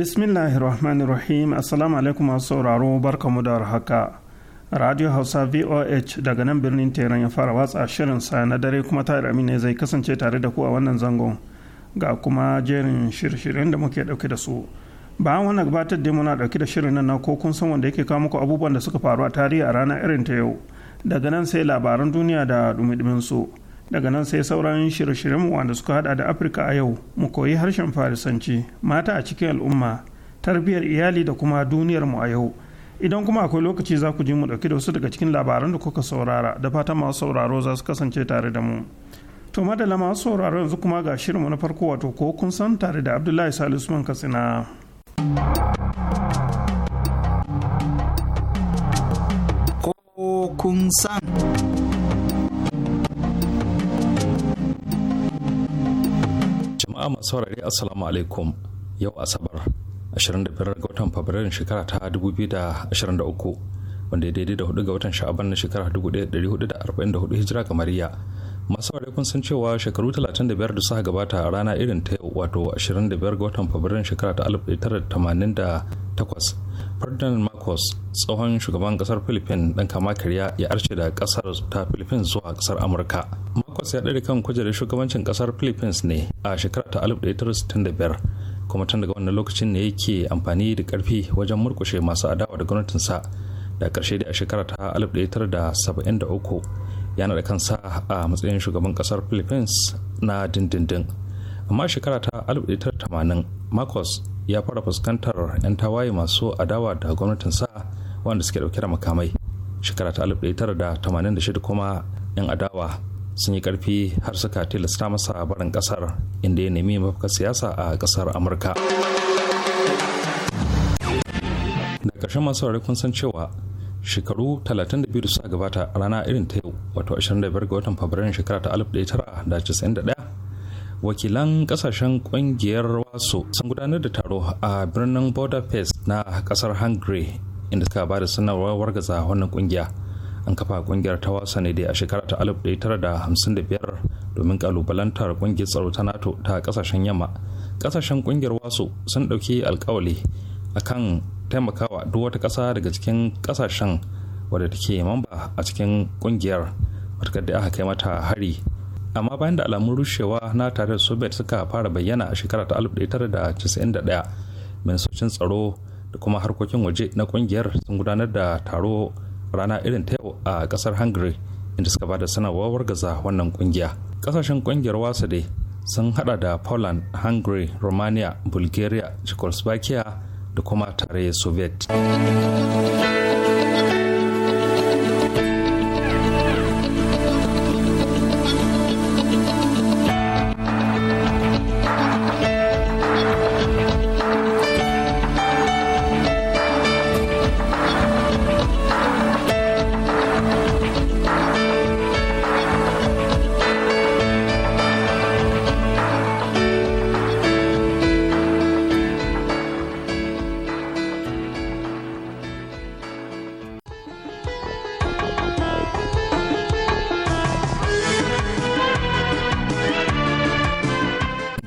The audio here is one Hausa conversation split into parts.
bismillahirrahmanirrahim assalamu alaikum masu sauraro barka mu da haka radio hausa voh daga nan birnin teran ya fara watsa shirin sa na dare kuma tare ne zai kasance tare da ku a wannan zangon ga kuma jerin shirye-shiryen da muke dauke da su bayan wannan gabatar da muna dauke da shirin nan na ko kun san wanda yake kawo muku abubuwan da suka faru a tarihi a ranar irin ta yau daga nan sai labaran duniya da dumi su daga nan sai sauran shirye-shiryen wanda suka hada da afirka a yau mu koyi harshen farisanci mata a cikin al'umma tarbiyyar iyali da kuma duniyar mu a yau idan kuma akwai lokaci za ku ji mu dauki da wasu daga cikin labaran da kuka saurara da fatan masu sauraro za su kasance tare da mu to madalla masu sauraro yanzu kuma ga shirinmu na farko wato ko kun san tare da abdullahi salisu man katsina ko kun san jama'a masu saurare assalamu alaikum yau asabar 25 ga watan fabrairun shekara ta 2023 wanda ya daidai da hudu ga watan sha'aban na shekara 1444 hijira ga Mariya. masu saurari kun san cewa shekaru 35 da suka gabata a rana irin ta yau wato 25 ga watan fabrairun shekara ta 1988 ferdinand marcos tsohon shugaban kasar philippines dan kama karya ya arce da kasar ta philippines zuwa kasar amurka marcos ya ɗaure kan kujerar shugabancin kasar philippines ne a shekarar ta 1965 kuma tun daga wannan lokacin ne yake amfani da karfi wajen murkushe masu adawa da gwamnatinsa da ƙarshe da a shekara ta 1973 yana da kansa a matsayin shugaban kasar philippines na dindindin amma shekara ta 1980 marcos ya fara fuskantar 'yan tawaye masu adawa da gwamnatin sa wanda suke dauke da makamai shekara ta 1986 kuma 'yan adawa sun yi karfi har suka tilasta masa barin kasar inda ya nemi mafaka siyasa a kasar amurka da ƙarshen masu kun san cewa shekaru 32 da suka gabata rana irin ta yau wato 25 ga watan fabrairun shekara ta 1991 wakilan kasashen kungiyar wasu sun gudanar da taro a birnin budapest na kasar hungary inda suka ba da sanarwar wargaza wannan kungiya an kafa kungiyar ta wasa ne dai a shekara ta 1955 domin kalubalantar kungiyar tsaro ta nato ta kasashen yamma kasashen kungiyar wasu sun dauki alkawali akan taimakawa duk wata ƙasa daga cikin kasashen wadda take mamba a cikin kungiyar matakar da aka kai mata hari amma bayan da alamun rushewa na tare da soviet suka fara bayyana a shekara ta 1991 ministocin tsaro da kuma harkokin waje na kungiyar sun gudanar da taro rana irin ta yau a kasar hungary inda suka bada sanarwar wargaza wannan kungiya kasashen kungiyar wasa dai sun hada da poland hungary romania bulgaria czechoslovakia da kuma tare soviet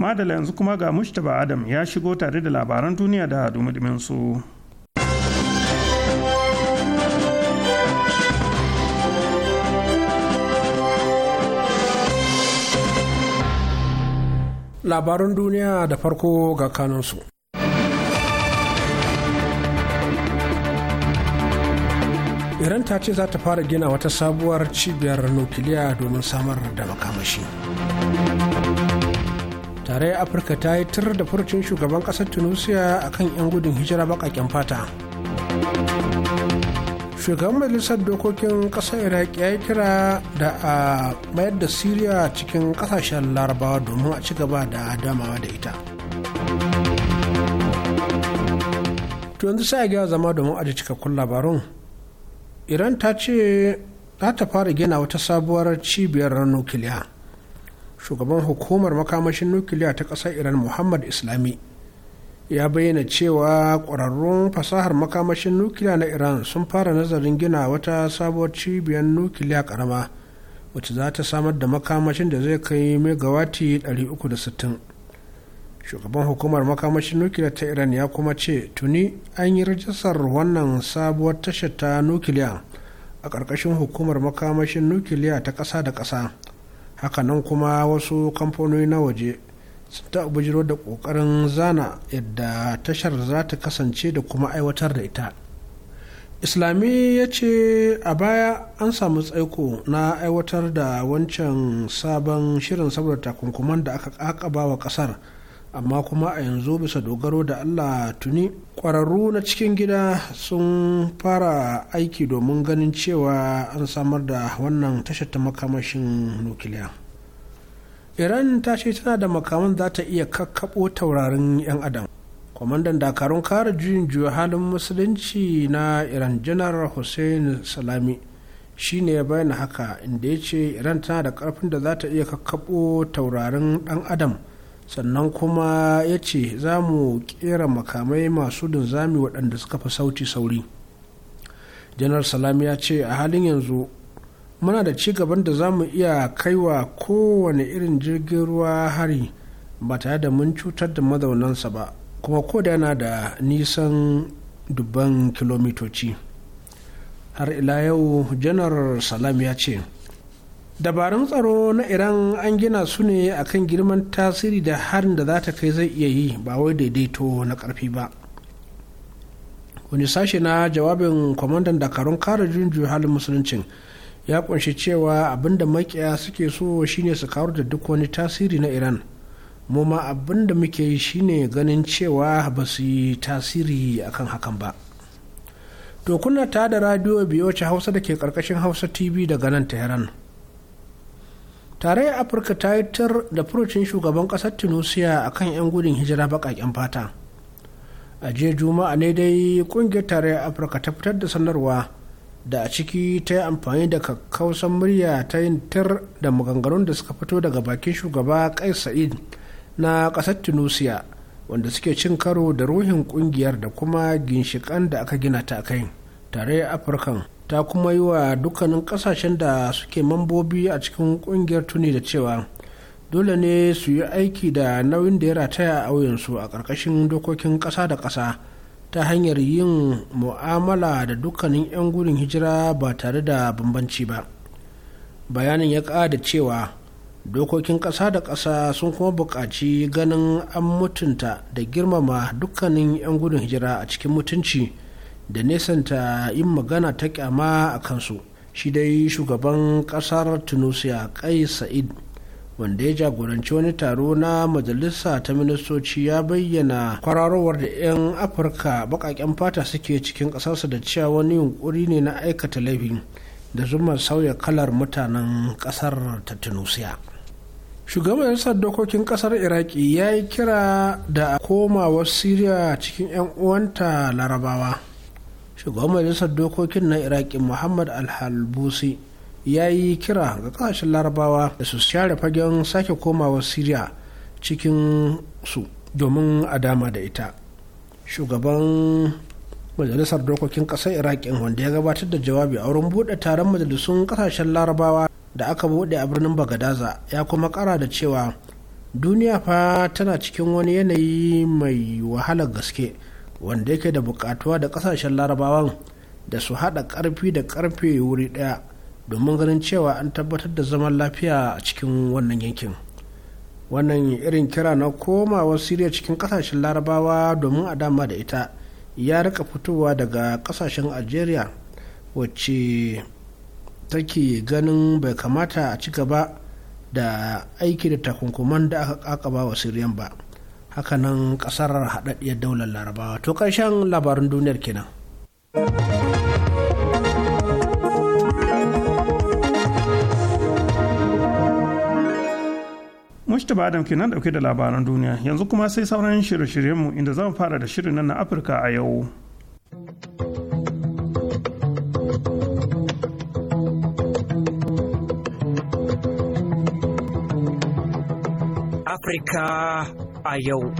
madala yanzu kuma ga mustapha adam ya shigo tare da labaran duniya da dumudiminsu. su labarun duniya da farko ga kanunsu iran ta ce za ta fara gina wata sabuwar cibiyar nukiliya domin samar da makamashi tarayyar afirka ta yi tur da furucin shugaban ƙasar tunisia kan 'yan gudun hijira baƙaƙen fata shugaban majalisar dokokin ƙasar iraq ya yi kira da a mayar da syria cikin ƙasashen larabawa domin a ci gaba da damawa da ita to yanzu sai a zama domin aji cikakkun labarun iran ta ce za ta fara gina wata sabuwar cibiyar nukiliya shugaban hukumar makamashin nukiliya ta ƙasar iran muhammad islami ya bayyana cewa ƙwararrun fasahar makamashin nukiliya na iran sun fara nazarin gina wata sabuwar cibiyar nukiliya ƙarama wacce za ta samar da makamashin da zai kai megawati 360 shugaban hukumar makamashin nukiliya ta iran ya kuma ce tuni an yi rajistar wannan sabuwar tashar ta nukiliya a ƙarƙashin hukumar makamashin nukiliya ta ƙasa da ƙasa hakanan kuma wasu kamfanoni na waje sun ta bujiro da ƙoƙarin zana yadda tashar za ta kasance da kuma aiwatar da ita islami ya ce a baya an samu tsaiko na aiwatar da wancan sabon shirin saboda takunkuman da aka kaba wa ƙasar amma kuma a yanzu bisa dogaro da allah tuni kwararru na cikin gida sun fara aiki domin ganin cewa an samar da wannan tashar ta makamashin nukiliya iran ta ce tana da makaman za ta iya kakkaɓo taurarin 'yan adam kwamandan dakarun kare juyin juya halin musulunci na iran janar hussein salami shi ne ya bayana haka inda ya ce iran tana da karfin da za ta iya kakkaɓo taurarin dan adam sannan kuma ya ce za mu kera makamai masu linzami waɗanda suka fi sauti sauri janar salam ya ce a halin yanzu muna da ci gaban da za mu iya kaiwa kowane irin jirgin ruwa hari ba tare da mun cutar da mazaunansa ba kuma ko da yana da nisan dubban kilomitoci har ila yau janar salam ya ce dabarun tsaro na iran an gina su ne akan girman tasiri da harin da za ta kai zai iya yi ba wai daidaito na karfi ba wani sashe na jawabin kwamandan dakarun kare junju halin musulunci ya kunshi cewa abinda makiya suke so shine su kawar da duk wani tasiri na iran mu ma abinda muke yi shine ganin cewa ba su yi tasiri akan hakan ba to kuna ta da radio biyo ce hausa da ke karkashin hausa tv daga nan tehran tarayyar afirka ta yi tar da furucin shugaban kasar tunisia a kan 'yan gudun hijira baƙaƙen fata a jiya juma'a ne dai ƙungiyar tarayyar afirka ta fitar da sanarwa da a ciki ta yi amfani da kakkausan murya ta yin tar da maganganun da suka fito daga bakin shugaba kai sa'id na ƙasar tunisia wanda suke cin karo da ruhin ƙungiyar da kuma ginshikan da aka gina ta kai tarayyar afirkan ta kuma yi wa dukkanin kasashen da suke mambobi a cikin kungiyar tuni da cewa dole ne su yi aiki da nauyin da ya rataya a wuyansu a ƙarƙashin dokokin ƙasa da ƙasa ta hanyar yin mu'amala da dukkanin 'yan gudun hijira ba tare da bambanci ba bayanin ya ƙada cewa dokokin ƙasa da ƙasa sun kuma buƙaci ganin an mutunta da girmama dukkanin 'yan gudun hijira a cikin mutunci. da nesanta yin magana ta kyama a kansu shi dai shugaban kasar tunisia kai sa'id wanda ya jagoranci wani taro na majalisa ta ministoci ya bayyana kwararowar da 'yan afirka bakaken fata suke cikin ƙasarsa da cewa wani yunkuri ne na aikata laifin da zuma sauya kalar mutanen ƙasar ta tunisia shugaban majalisar dokokin kasar iraki ya yi kira da komawar siriya cikin 'yan uwanta larabawa shugaban majalisar dokokin na iraki muhammad alhalbusi ya yi kira ga kasashen larabawa da su share fagen sake komawa syria cikin su domin a dama da ita shugaban majalisar dokokin kasar iraki wanda ya gabatar da jawabi a wurin buɗe taron majalisun kasashen larabawa da aka buɗe a birnin bagadaza ya kuma kara da cewa duniya fa tana cikin wani yanayi mai wahalar gaske wanda yake da bukatuwa da kasashen larabawan da su hada karfi da karfe wuri daya domin ganin cewa an tabbatar da zaman lafiya a cikin wannan yankin wannan irin kira na komawa siriya cikin kasashen larabawa domin a dama da ita ya rika fitowa daga kasashen algeria wacce take ganin bai kamata a ci gaba da aiki da takunkuman da aka kakaba wa siriyan ba hakanan kasar haɗaɗɗiyar daular larabawa to ƙarshen labarin duniyar kenan Mustapha Adam kenan ɗauke da labaran duniya yanzu kuma sai sauran shirye-shiryenmu inda zan fara da shirin nan na Afirka a yau. Afirka a yau.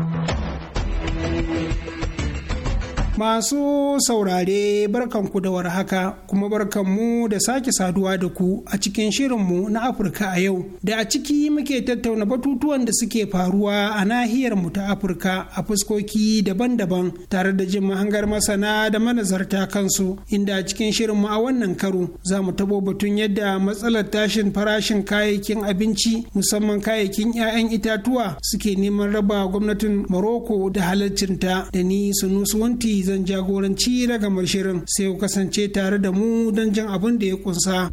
Masu saurare barkanku da warhaka kuma barkanmu da sake saduwa da ku a cikin shirinmu na Afirka a yau da a ciki muke tattauna batutuwan da suke faruwa a nahiyar mu ta Afirka a fuskoki daban-daban tare da jin mahangar masana da manazarta kansu inda a cikin shirinmu a wannan karo za mu tabo batun yadda matsalar tashin farashin kayayyakin abinci musamman kayayyakin 'ya'yan itatuwa suke neman raba gwamnatin Morocco da ta da ni Sunusuwanti zan jagoranci na gamar shirin sai ku kasance tare da mu don jin abin da ya kunsa.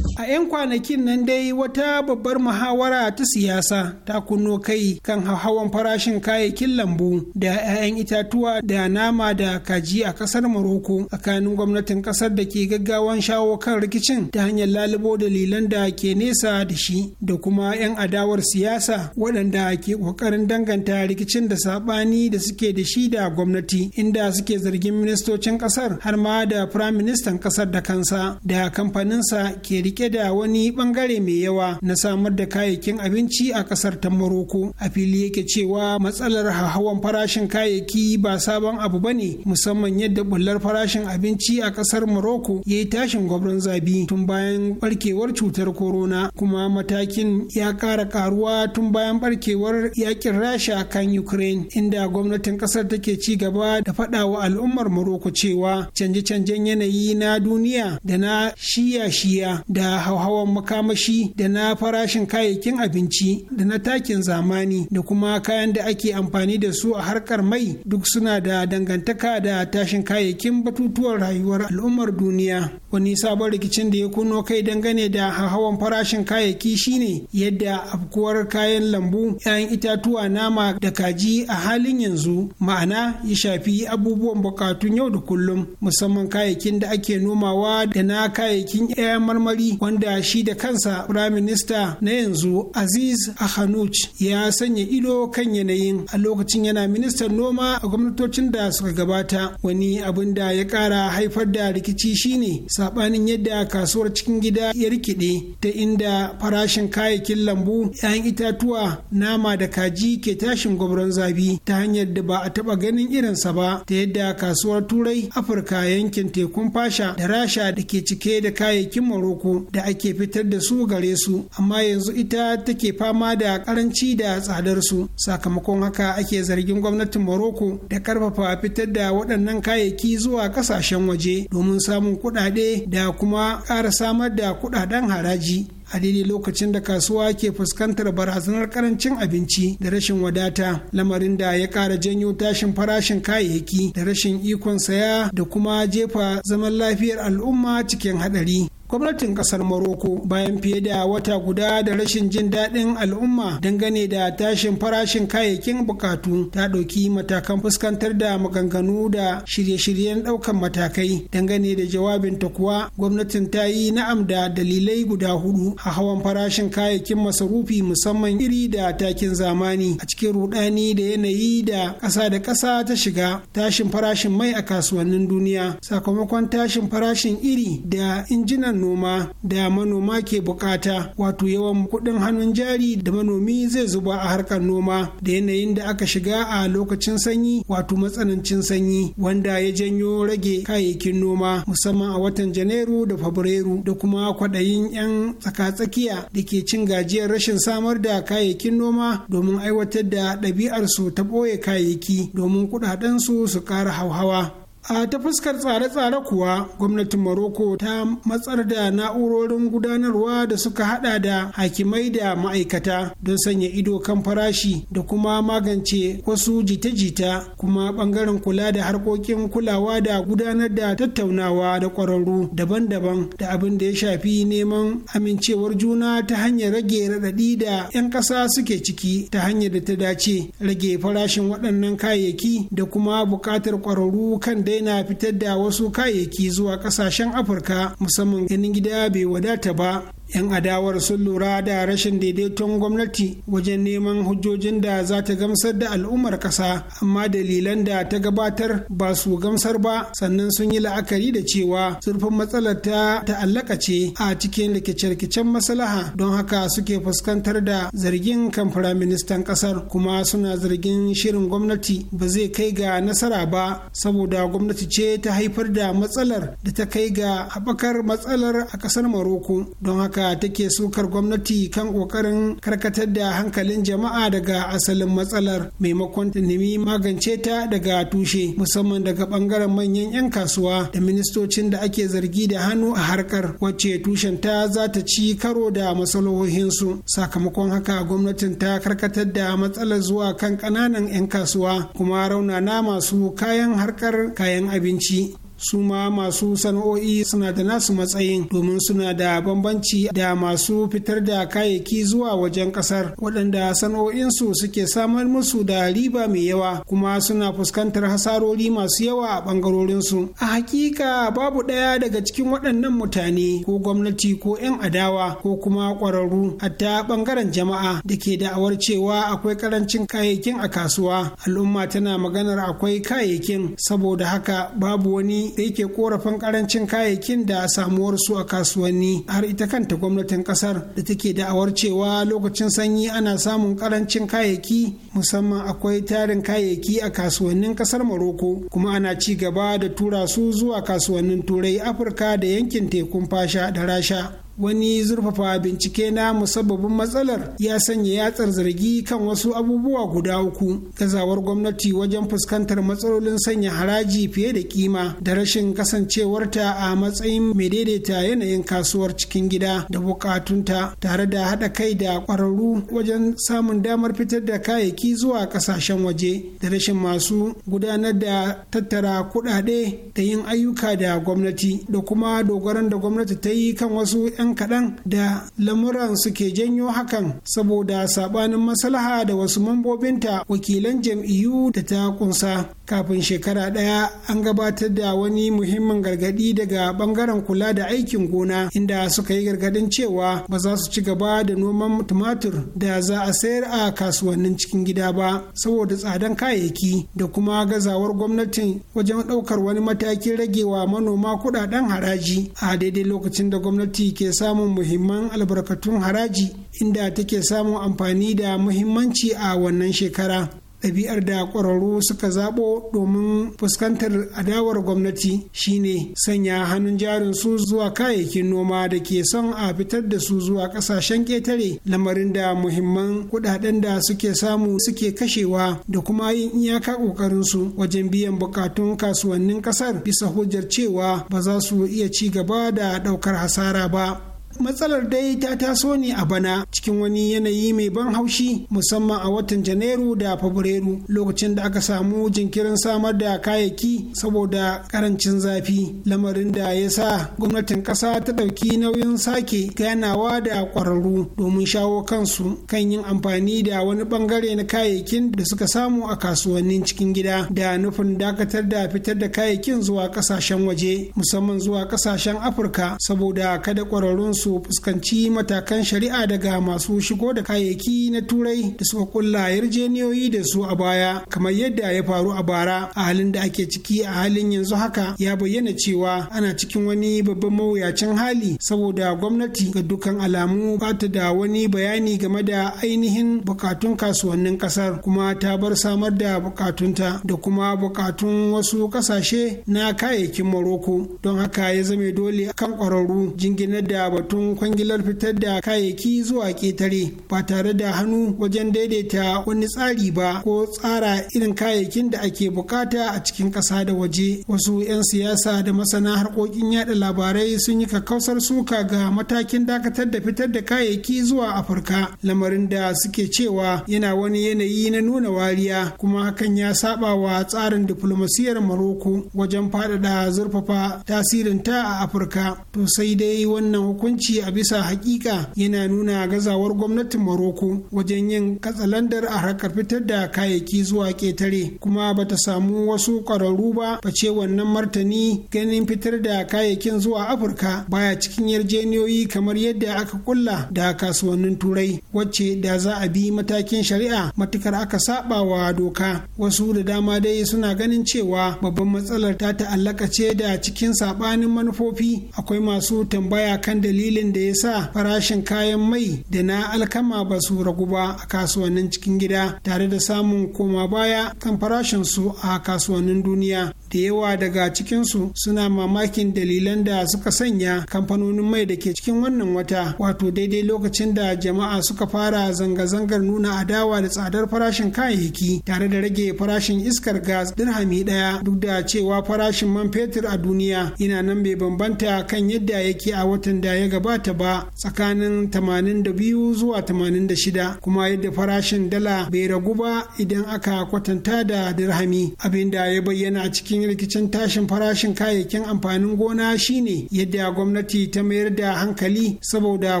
'yan kwanakin nan dai wata babbar muhawara ta siyasa ta kunno kai kan hauhawan farashin kayayyakin lambu da 'ya'yan itatuwa da nama da kaji a kasar Morocco tsakanin gwamnatin kasar da ke gaggawan shawo kan rikicin ta hanyar lalubo dalilan da ke nesa da shi da kuma 'yan adawar siyasa waɗanda ke ƙoƙarin danganta rikicin da saɓani da suke da shi da gwamnati inda suke zargin ministocin kasar har ma da firaministan kasar da kansa da kamfaninsa ke rike da da wani bangare mai yawa na samar da kayayyakin abinci a kasar ta Morocco. A fili yake cewa matsalar hawan farashin kayayyaki ba sabon abu ba ne musamman yadda bullar farashin abinci a kasar Morocco ya yi tashin gwabron zabi tun bayan barkewar cutar corona kuma matakin ya ƙara karuwa tun bayan barkewar yakin Rasha kan Ukraine inda gwamnatin kasar take ci gaba da faɗa wa al'ummar Morocco cewa canje-canjen yanayi na duniya da na shiya-shiya da hauhawan makamashi da na farashin kayayyakin abinci da na takin zamani da kuma kayan da ake amfani da su a harkar mai duk suna da dangantaka da tashin kayayyakin batutuwar rayuwar al'ummar duniya wani sabon rikicin da ya kuno kai dangane da hauhawan farashin kayayyaki shine yadda afkuwar kayan lambu 'ya'yan itatuwa nama da kaji a halin yanzu ma'ana ya shafi abubuwan bukatun yau da kullum musamman kayayyakin da ake nomawa da na kayayyakin 'ya'yan marmari wanda wanda shi da kansa firaminista na yanzu aziz ahanuch ya sanya ido kan yanayin a lokacin yana ministan noma a gwamnatocin da suka gabata wani abin da ya kara haifar da rikici shine sabanin yadda kasuwar cikin gida ya rikide ta inda farashin kayayyakin lambu 'ya'yan itatuwa nama da kaji ke tashin gwabron zabi ta hanyar da ba a taba ganin irinsa ba ta yadda kasuwar turai afirka yankin tekun fasha da rasha da ke cike da kayayyakin maroko da ake fitar da su gare su amma yanzu ita take fama da karanci da tsadar su sakamakon haka ake zargin gwamnatin Morocco da karfafa fitar da waɗannan kayayyaki zuwa kasashen waje domin samun kuɗaɗe da kuma ƙara samar da kuɗaɗen haraji a daidai lokacin da kasuwa ke fuskantar barazanar karancin abinci da rashin wadata lamarin da ya ƙara janyo tashin farashin kayayyaki da rashin ikon saya da kuma jefa zaman lafiyar al'umma cikin haɗari. gwamnatin kasar Morocco bayan fiye da wata guda da rashin jin daɗin al'umma dangane da tashin farashin kayayyakin bukatu ta ɗauki matakan fuskantar da maganganu da shirye-shiryen ɗaukan matakai dangane da jawabin ta kuwa gwamnatin ta yi na'am da dalilai guda hudu a hawan farashin kayayyakin masarufi musamman iri da takin zamani a cikin rudani da yanayi da ƙasa da ƙasa ta shiga tashin farashin mai a kasuwannin duniya sakamakon tashin farashin iri da injinan ayyukan noma da manoma ke bukata wato yawan kudin hannun jari da manomi zai zuba a harkar noma da yanayin da aka shiga a lokacin sanyi wato matsanancin sanyi wanda ya janyo rage kayayyakin noma musamman a watan janairu da fabrairu da kuma kwaɗayin 'yan tsakatsakiya da ke cin gajiyar rashin samar da kayayyakin noma domin aiwatar da ɗabi'arsu ta ɓoye kayayyaki domin kuɗaɗensu su ƙara hauhawa a ta fuskar tsare-tsare kuwa gwamnatin maroko ta matsar da na'urorin gudanarwa da suka hada da hakimai da ma'aikata don sanya ido kan farashi da kuma magance wasu jita-jita kuma bangaren kula da harkokin kulawa da gudanar da tattaunawa da kwararru daban-daban da abin da ya shafi neman amincewar juna ta hanyar rage raɗaɗi da 'yan ƙasa suke ciki ta hanyar da ta dace rage farashin waɗannan kayayyaki da kuma buƙatar kwararru kan dai daina fitar da wasu kayayyaki zuwa kasashen afirka musamman ganin gida bai wadata ba 'yan adawar sun lura da rashin daidaiton gwamnati wajen neman hujjojin da za ta gamsar da al'ummar ƙasa amma dalilan da ta gabatar ba su gamsar ba sannan sun yi la'akari da cewa zurfin matsalar ta ta'allaka ce a cikin rikice-rikicen maslaha don haka suke fuskantar da zargin kan firaministan ƙasar kuma suna zargin shirin gwamnati ba zai kai ga nasara ba saboda gwamnati ce ta haifar da matsalar da ta kai ga haɓakar matsalar a ƙasar maroko don haka amurka take sukar gwamnati kan kokarin karkatar da hankalin jama'a daga asalin matsalar maimakon ta nemi magance ta daga tushe musamman daga bangaren manyan 'yan kasuwa da ministocin da ake zargi da hannu a harkar wacce tushen ta za ta ci karo da matsalohinsu. sakamakon haka gwamnatin ta karkatar da matsalar zuwa kan kananan 'yan kasuwa kuma raunana masu kayan harkar kayan abinci su ma masu sana'o'i suna da nasu matsayin domin suna da bambanci da masu fitar da kayayyaki zuwa wajen kasar waɗanda sana'o'insu suke samar musu da riba mai yawa kuma suna fuskantar hasarori masu yawa a ɓangarorinsu a hakika babu ɗaya daga cikin waɗannan mutane ko gwamnati ko 'yan adawa ko kuma ƙwararru hatta ɓangaren jama'a da ke da'awar cewa akwai ƙarancin kayayyakin a kasuwa al'umma tana maganar akwai kayayyakin saboda haka babu wani da yake korafin karancin kayayyakin da samuwar su a kasuwanni har ita kanta gwamnatin kasar da take da'awar cewa lokacin sanyi ana samun karancin kayayyaki musamman akwai tarin kayayyaki a kasuwannin kasar maroko kuma ana ci gaba da tura su zuwa kasuwannin turai afirka da yankin tekun fasha da rasha wani zurfafa bincike na musabbabin matsalar ya sanya yatsar zargi kan wasu abubuwa guda uku gazawar gwamnati wajen fuskantar matsalolin sanya haraji fiye da kima da rashin kasancewarta a matsayin mai daidaita yanayin kasuwar cikin gida da bukatunta tare da haɗa kai da ƙwararru wajen samun damar fitar da kayayyaki zuwa ƙasashen waje da rashin masu gudanar da tattara kuɗaɗe da yin ayyuka da gwamnati da kuma dogaron da gwamnati ta yi kan wasu 'yan ɗan kaɗan da lamuran suke janyo hakan saboda saɓanin maslaha da wasu mambobinta wakilan jam'iyyu da ta kunsa kafin shekara ɗaya an gabatar da wani muhimmin gargaɗi daga ɓangaren kula da aikin gona inda suka yi gargaɗin cewa ba za su ci gaba da noman tumatur da za a sayar a kasuwannin cikin gida ba saboda tsadan kayayyaki da kuma gazawar gwamnatin wajen ɗaukar wani matakin ragewa manoma kuɗaɗen haraji a daidai lokacin da gwamnati ke samun muhimman albarkatun haraji inda take samun amfani da muhimmanci a wannan shekara ɗabi'ar da ƙwararru suka zaɓo domin fuskantar adawar gwamnati shine sanya hannun jarin su zuwa kayayyakin noma da ke son a fitar da su zuwa ƙasashen ƙetare lamarin da muhimman kuɗaɗen da suke samu suke kashewa da kuma yin iyaka ƙoƙarin su wajen biyan buƙatun kasuwannin ƙasar bisa hujjar cewa ba za su iya ci gaba da ɗaukar hasara ba. matsalar dai ta taso ne a bana cikin wani yanayi mai ban haushi musamman a watan janairu da fabrairu lokacin da aka samu jinkirin samar da kayayyaki saboda karancin zafi lamarin da ya sa gwamnatin ƙasa ta ɗauki nauyin sake ganawa da ƙwararru domin shawo kansu kan yin amfani da wani bangare na kayayyakin da suka samu a kasuwannin cikin gida da nufin dakatar da fitar da kayayyakin zuwa ƙasashen waje musamman zuwa ƙasashen afirka saboda kada ƙwararrun su fuskanci matakan shari'a daga masu shigo da kayayyaki na turai da suka kulla yarjeniyoyi da su a baya kamar yadda ya faru a bara a halin da ake ciki a halin yanzu haka ya bayyana cewa ana cikin wani babban mawuyacin hali saboda gwamnati ga dukkan alamu ba ta da wani bayani game da ainihin bukatun kasuwannin kasar kuma ta bar samar da bukatunta da kuma bukatun wasu kasashe na kayayyakin maroko don haka ya zame dole kan kwararru jinginar da batu batun kwangilar fitar da kayayyaki zuwa ƙetare ba tare da hannu wajen daidaita wani tsari ba ko tsara irin kayayyakin da ake bukata a cikin ƙasa da waje wasu 'yan siyasa da masana harkokin yada labarai sun yi kakkausar suka ga matakin dakatar da fitar da kayayyaki zuwa afirka lamarin da suke cewa yana wani yanayi na nuna wariya kuma hakan ya saba wa tsarin diflomasiyar maroko wajen faɗaɗa zurfafa tasirinta a afirka to sai dai wannan hukunci hukunci a bisa hakika yana nuna gazawar gwamnatin Morocco wajen yin katsalandar a harkar fitar da kayayyaki zuwa ketare kuma bata samu wasu ƙwararru ba face wannan martani ganin fitar da kayayyakin zuwa Afirka baya cikin yarjeniyoyi kamar yadda aka kulla da kasuwannin Turai wacce da za a bi matakin shari'a matukar aka saba wa doka wasu da dama dai suna ganin cewa babban matsalar ta ta'allaka ce da cikin sabanin manufofi akwai masu tambaya kan dalilin dalilin da ya sa farashin kayan mai da na alkama ba su ragu ba a kasuwannin cikin gida tare da samun koma baya kan farashin su a kasuwannin duniya da yawa daga cikinsu suna mamakin dalilan da suka sanya kamfanonin mai da ke cikin wannan wata wato daidai lokacin da jama'a suka fara zanga-zangar nuna adawa da tsadar farashin kayayyaki tare da rage farashin iskar gas dirhami daya duk da cewa farashin man fetur a duniya yana nan bai bambanta kan yadda yake a watan da ya gabata ba tsakanin 82 zuwa 86 kuma yadda farashin dala bai ragu ba idan aka kwatanta da dirhami da ya bayyana a cikin rikicin tashin farashin kayayyakin amfanin gona shine yadda gwamnati ta mayar da hankali saboda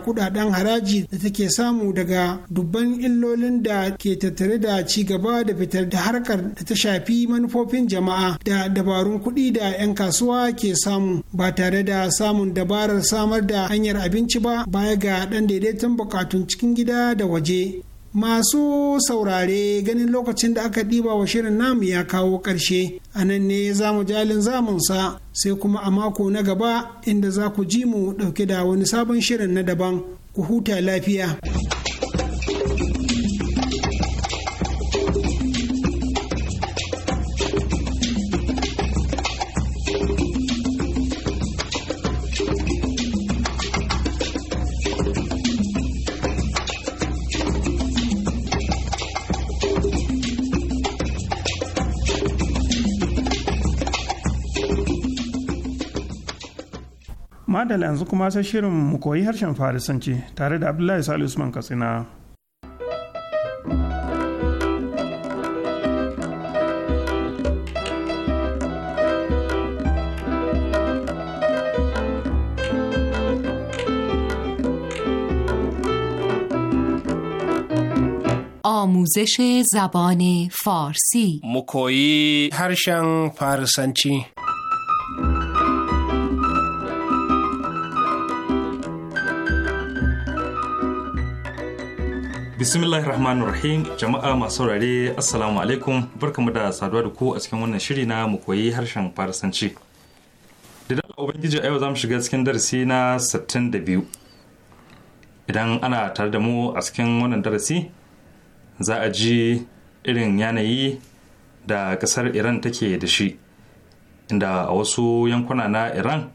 kudaden haraji da take samu daga dubban illolin da ke tattare da ci gaba da fitar da harkar da ta shafi manufofin jama'a da dabarun kuɗi da 'yan kasuwa ke samu ba tare da samun dabarar samar da hanyar abinci ba baya ga ɗan daidaiton bukatun cikin gida da waje masu saurare ganin lokacin da aka ɗiba wa shirin namu ya kawo ƙarshe a nan ne za mu jalin zamunsa sai kuma a mako na gaba inda za ku ji mu ɗauke da wani sabon shirin na daban ku huta lafiya. hankali yanzu kuma sai shirin mu koyi harshen farisanci tare da abdullahi sali usman katsina آموزش زبان فارسی مکویی هرشن فارسنچی bismillahir rahmanir rahim jama'a masu saurare assalamu alaikum barkamu da saduwa da ku a cikin wannan shiri na mu koyi harshen farisanci da dan ubangiji a yau mu shiga cikin darasi na sittin da biyu. idan ana tare da mu a cikin wannan darasi za a ji irin yanayi da kasar iran take da shi inda a wasu yankuna na iran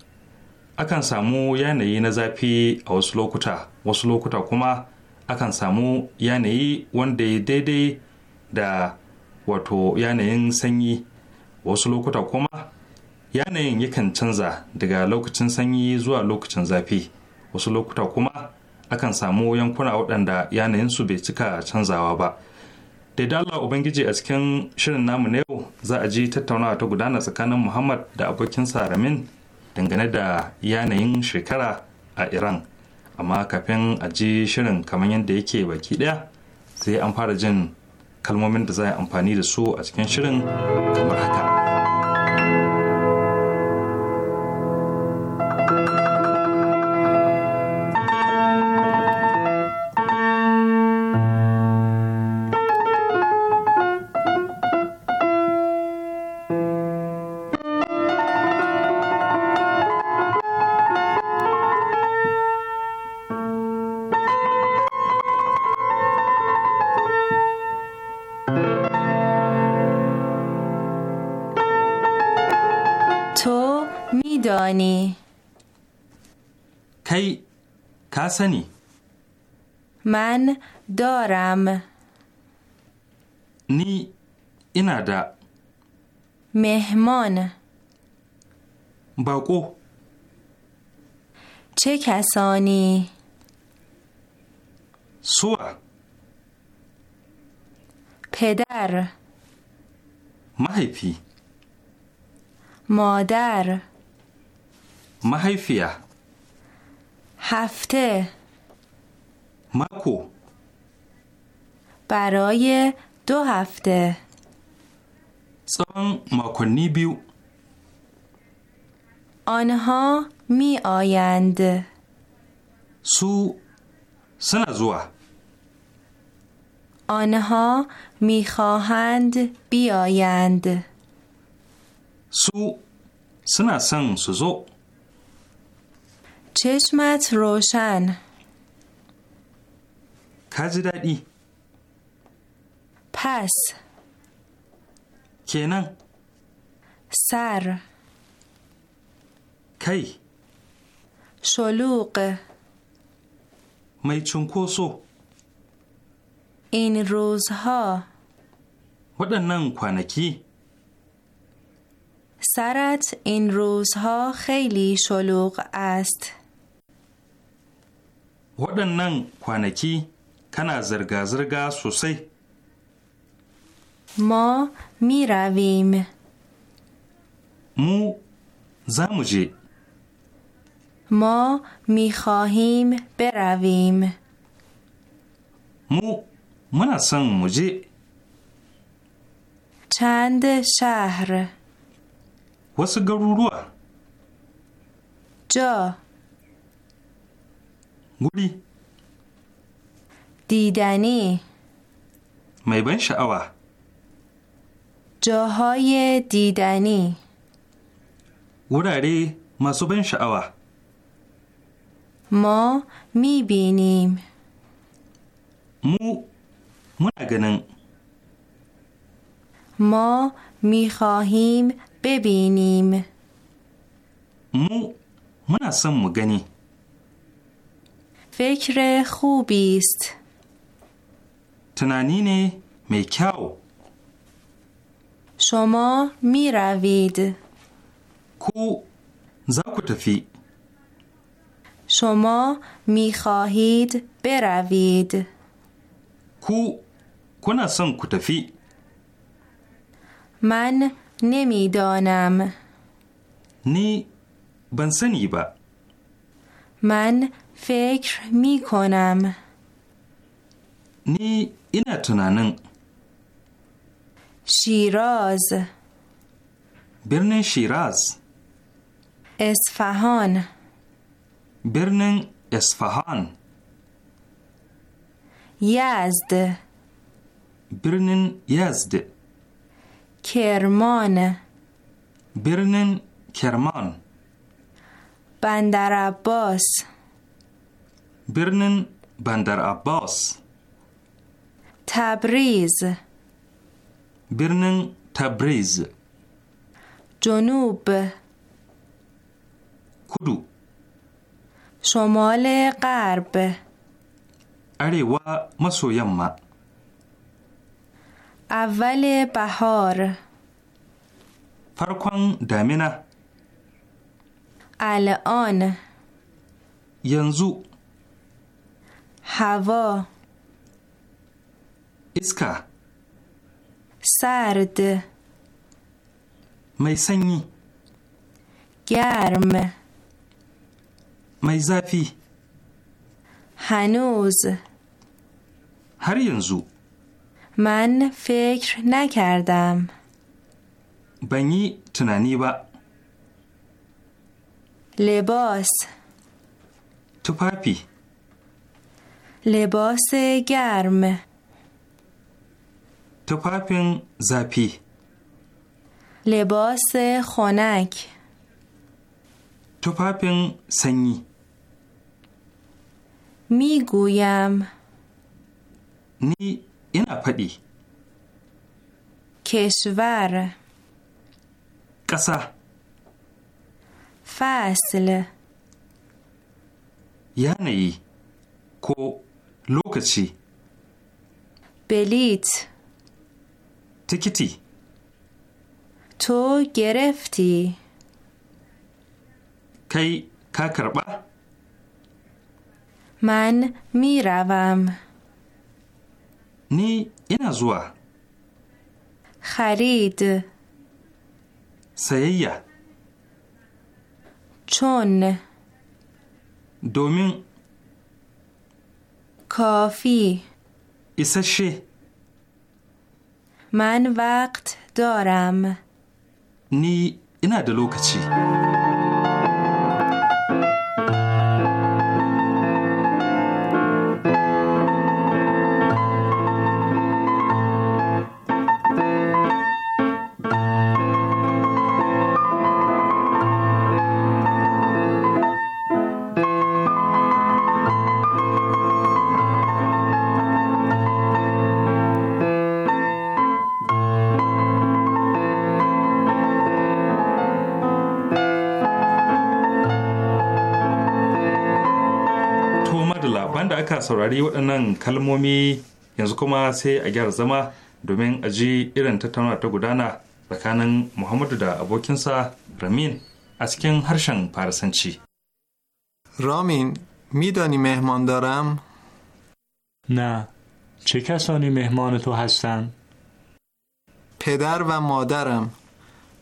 akan samu yanayi na zafi a wasu lokuta wasu lokuta kuma akan samu yanayi wanda ya daidai da wato yanayin sanyi wasu lokuta kuma yanayin yakan canza daga lokacin sanyi zuwa lokacin zafi wasu lokuta kuma akan samu yankuna waɗanda yanayinsu bai cika canzawa ba da ubangiji a cikin shirin namu na yau za a ji tattaunawa ta gudana tsakanin muhammad da abokinsa ramin dangane da yanayin shekara a iran amma kafin a je shirin kamar yadda yake baki ɗaya sai an fara jin kalmomin da za a yi amfani da su a cikin shirin kamar haka. حسنی من دارم نی اینا مهمان باقو چه کسانی؟ سوا پدر محیفی مادر محیفیه هفته ماکو برای دو هفته سان ماکنی بیو آنها می آیند سو سنزوه آنها میخواهند بیایند سو سنا سن سزو. چشمت روشن کجی پس. پس کنن سر کی شلوق می کوسو. این روزها ودنن کوانکی سرت این روزها خیلی شلوغ است. waɗannan kwanaki kana zirga-zirga sosai. Ma mira veme. Mu za mu je. beravim. Mu muna son muje. je. Chand Wasu garuruwa. Jo. Guri. Didane. Mai ban sha'awa. Jahoye didane. Wurare masu ban sha'awa. Ma mi binim. Mu muna ganin. Ma mi khahim ببینیم مو منا سم مو گنی فکر خوبی است. تنانین میکاو شما می روید. کو زاکوتفی شما می خواهید بروید. کو کنا کتفی من نمیدانم. نی بنسنی با من فکر می کنم نی اینا تنانن شیراز برن شیراز اصفهان برن اصفهان یزد برن یزد کرمان برن کرمان بندر عباس birnin Bandar Abbas. Tabriz. Birnin Tabriz. Junub. Kudu. Shomale Garb. Arewa maso yamma. اول بهار فرقان دامنا الان Yanzu. هوا اسکا سرد میسنی گرم می هنوز هر ینزو من فکر نکردم بنی تنانی با لباس تپاپی لباس گرم پاپین زپی لباس خنک پاپین سنی میگویم نی اینا پدی کشور قصه فصل یعنی کو لوکچی بلیت تیکیتی تو گرفتی کی کا کربا من میروم نی اینا زوا خرید سیه چون دومین کافی ایسه من وقت دارم نی اینا چی؟ aka saurari waɗannan kalmomi yanzu kuma sai a gyara zama domin a ji irin tattaunawa ta gudana tsakanin muhammadu da abokinsa ramin a cikin harshen farisanci رامین میدانی مهمان دارم؟ نه چه کسانی مهمان تو هستند؟ پدر و مادرم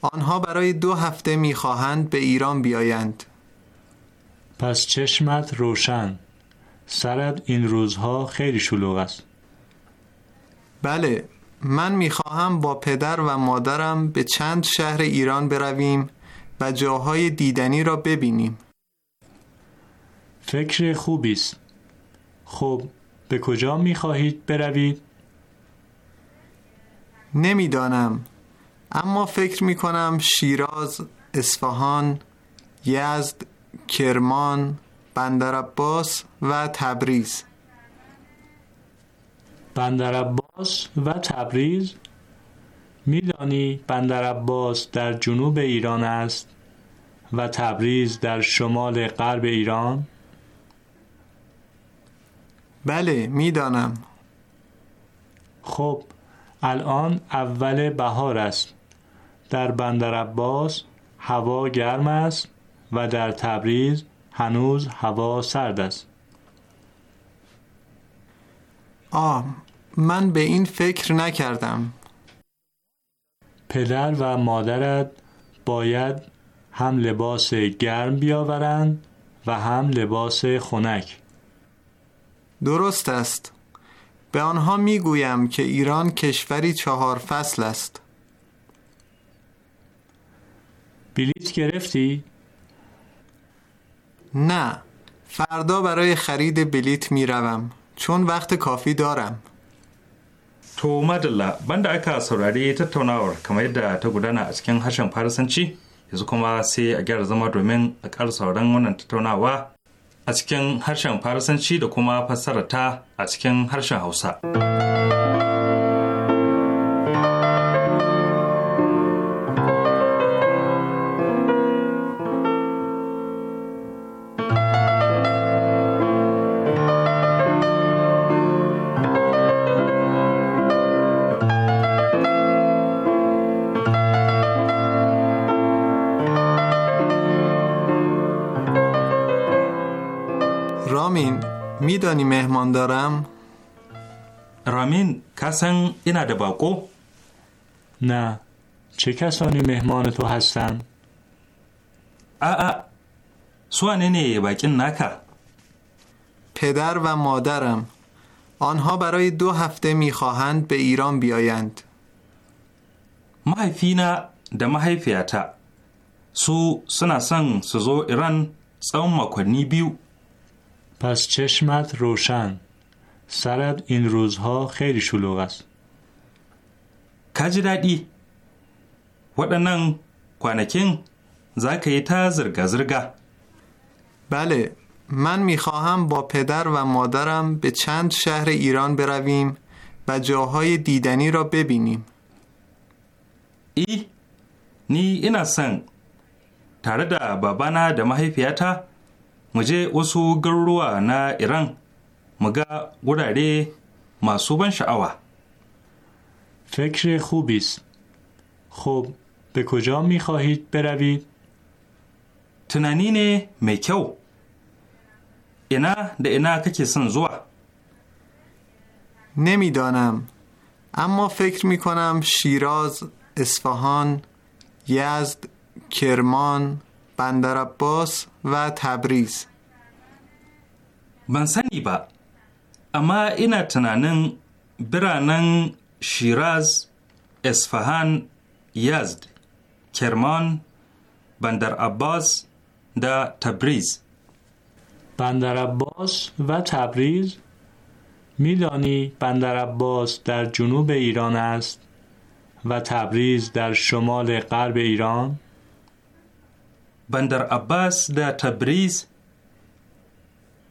آنها برای دو هفته میخواهند به ایران بیایند پس چشمت roshan. سرد این روزها خیلی شلوغ است بله من میخواهم با پدر و مادرم به چند شهر ایران برویم و جاهای دیدنی را ببینیم فکر خوبی است خب به کجا میخواهید بروید نمیدانم اما فکر می کنم شیراز، اصفهان، یزد، کرمان، بندرعباس و تبریز بندرعباس و تبریز میدانی بندرعباس در جنوب ایران است و تبریز در شمال غرب ایران بله میدانم خب الان اول بهار است در بندرعباس هوا گرم است و در تبریز هنوز هوا سرد است آه، من به این فکر نکردم پدر و مادرت باید هم لباس گرم بیاورند و هم لباس خنک درست است به آنها میگویم که ایران کشوری چهار فصل است بلیت گرفتی؟ نه فردا برای خرید بلیت می روم چون وقت کافی دارم To madalla banda aka saurari tattaunawar kamar yadda ta gudana a cikin harshen Farisanci yanzu kuma sai a gyara zama domin a ƙara sauran wannan tattaunawa a cikin harshen Farisanci da kuma fassarata a cikin harshen Hausa. میدانی مهمان دارم؟ رامین این اینا باکو؟ نه چه کسانی مهمان تو هستن؟ آ سوانه نه باکن نکر پدر و مادرم آنها برای دو هفته میخواهند به ایران بیایند فینا ده مهفیاتا سو سنا سن سزو ایران سوم مکنی بیو پس چشمت روشن سرد این روزها خیلی شلوغ است کجی دادی waɗannan kwanakin za ka زرگا بله من میخواهم با پدر و مادرم به چند شهر ایران برویم و جاهای دیدنی را ببینیم ای نی اینا سن تاره دا بابانا دا مجه je wasu garuruwa ایران Iran mu ga wurare فکر خوبی است. خب به کجا می خواهید بروید؟ تنانین میکو اینا ده اینا که سن زوا نمیدانم اما فکر می کنم شیراز، اصفهان، یزد، کرمان، عباس و تبریز من سنی با اما این تنانن برانن شیراز اصفهان، یزد کرمان بندر عباس تبریز بندر عباس و تبریز میدانی بندر عباس در جنوب ایران است و تبریز در شمال غرب ایران بندر عباس دا تبریز